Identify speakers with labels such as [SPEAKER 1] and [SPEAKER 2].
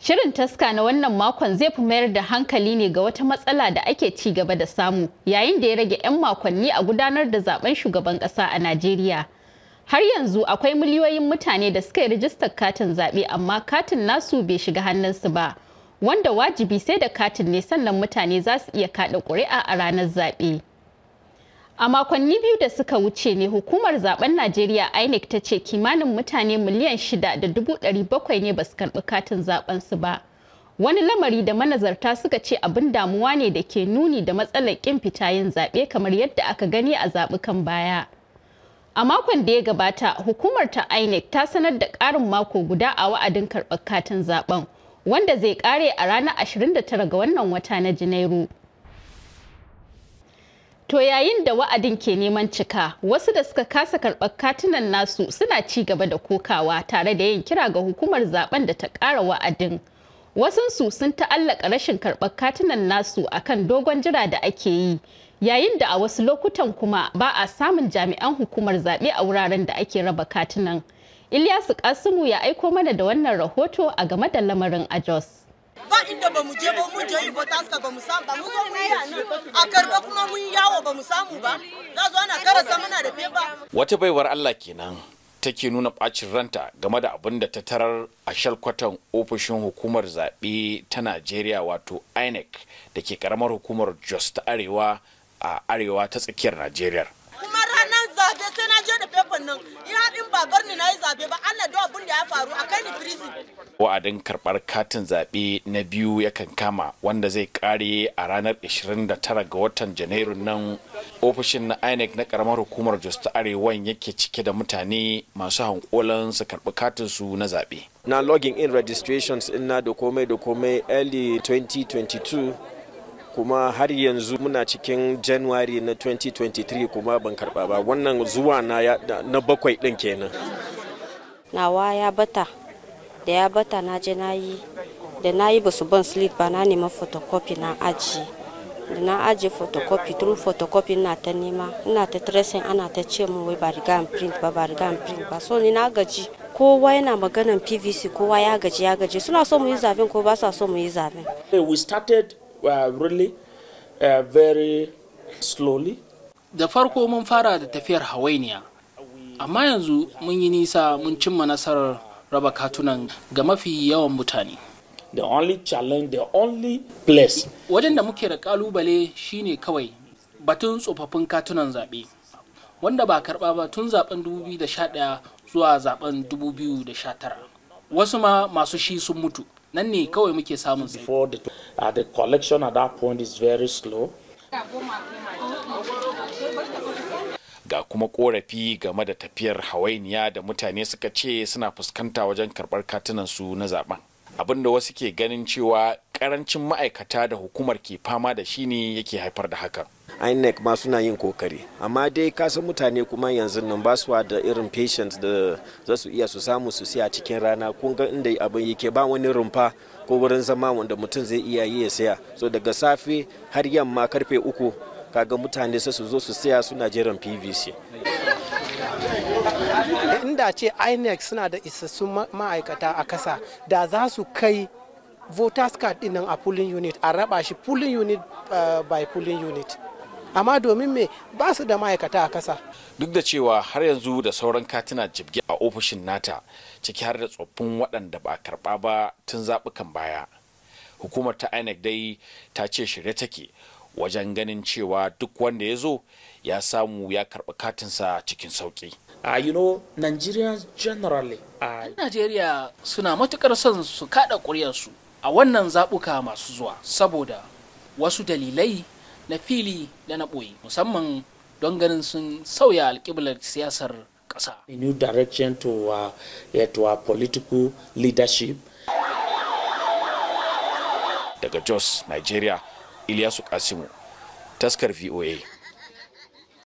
[SPEAKER 1] Shirin taska na wannan makon zai fi mayar da hankali ne ga wata matsala da ake ci gaba da samu yayin da ya rage 'yan makonni a gudanar da zaben shugaban ƙasa a Najeriya. Har yanzu akwai miliyoyin mutane da suka yi rijistar katin zaɓe amma katin nasu bai shiga hannunsu ba, wanda wajibi sai da katin ne sannan mutane za su iya kaɗa ƙuri'a a ranar zaɓe. A makonni biyu da suka wuce ne hukumar zaben Najeriya INEC ta ce kimanin mutane miliyan shida da dubu ɗari bakwai ne basu karɓi katin zaben su ba. Wani lamari da manazarta suka ce abin damuwa ne da ke nuni da matsalar ƙin fita yin zaɓe kamar yadda aka gani a zaɓukan baya. A makon da ya gabata, hukumar ta INEC ta sanar da ƙarin mako guda a wa'adin karɓar katin zaɓen, wanda zai ƙare a ranar 29 ga wannan wata na Janairu. To yayin da wa'adin ke neman cika, wasu da suka kasa karɓar katunan nasu suna ci gaba da kokawa tare da yin kira ga hukumar zaben da ta ƙara wa'adin. Wasunsu sun ta'allaka rashin karɓar katunan nasu akan dogon jira da ake yi, yayin da a wasu lokutan kuma ba a samun jami'an hukumar zaɓe a wuraren da ake raba katunan. Ilyasu Kasimu ya aiko mana da wannan rahoto a game da lamarin a Jos. Ba inda ba mu je ba mun je yi yawo ba mu ba wata baiwar Allah
[SPEAKER 2] kenan take nuna bacin ranta game da abin da ta tarar a shalkwatan ofishin hukumar zaɓe ta najeriya wato inec da ke karamar hukumar jos ta arewa a arewa ta tsakiyar najeriya
[SPEAKER 1] nan ina din ba bar ni nayi zabe ba Allah da abin da ya faru a kai ni prison
[SPEAKER 2] wa'adin karbar katin zabe na biyu yakan kama wanda zai kare a ranar 29 ga watan janairu nan ofishin na INEC na karamar hukumar Jos ta Arewan yake cike da mutane masu hankulan su karbi katin su na zabe
[SPEAKER 3] na logging in registrations ina da komai da komai early 2022 kuma har yanzu muna cikin january na 2023 kuma ban karba ba wannan zuwa na, bakwai din kenan
[SPEAKER 1] nawa ya bata da ya bata na je na yi da na yi basu ban slip ba na neman photocopy na aji da na aji photocopy tun photocopy na ta nema ina ta tracing ana ta ce mun wai ba riga print ba ba riga print ba so ni na gaji kowa yana maganan pvc kowa ya gaji ya gaji suna so mu yi zafin ko ba sa so mu yi zafin.
[SPEAKER 4] Eh, we started uh, really uh, very slowly. Da farko mun fara da tafiyar hawainiya, amma yanzu mun yi nisa mun cimma nasarar raba katunan ga mafi yawan mutane. The only challenge, the only place. Wajen da muke da kalubale shine kawai batun tsofaffin katunan zaɓe, wanda ba karɓa ba tun zaben 2011 zuwa zaben 2019. Wasu ma masu shi sun mutu, nan ne kawai muke samun sai. Uh, the collection at that point is very slow. Ga kuma korafi game da tafiyar
[SPEAKER 2] hawainiya da mutane suka ce suna fuskanta wajen karɓar katunansu na zaben. Abin da wasu ke ganin cewa karancin ma'aikata da hukumar ke fama da shi ne yake haifar
[SPEAKER 3] da hakan. inec ma suna yin kokari amma dai kasan mutane kuma yanzu nan ba su da irin patients da za su iya su samu su siya cikin rana kun ga inda abin yake ba wani rumfa ko wurin zama wanda mutum zai iya yi ya siya so daga safe har yamma karfe uku kaga mutane su zo su siya suna jiran pvc
[SPEAKER 4] inda ce inec suna da isassun ma'aikata a kasa da za su kai voters card dinnan a polling unit a raba shi polling unit eh, by polling unit amma domin me ba su da ma'aikata a kasa
[SPEAKER 2] duk da cewa har yanzu da sauran katina jibge a ofishin nata ciki har da tsoffin waɗanda ba karɓa ba tun zaɓukan baya hukumar ta inec dai ta ce shirye take wajen ganin cewa duk wanda ya zo ya samu ya karɓi katinsa cikin sauƙi. Uh, you
[SPEAKER 4] know, Nigeria generally. Uh... Najeriya suna matukar son su kaɗa ƙuryarsu a wannan zaɓuka masu zuwa saboda wasu dalilai na fili da na ɓoye musamman don ganin sun sauya alƙiblar siyasar ƙasa. A new direction to, uh, to our political leadership.
[SPEAKER 2] Daga Jos, Nigeria, Ilyasu Kasimu, taskar VOA.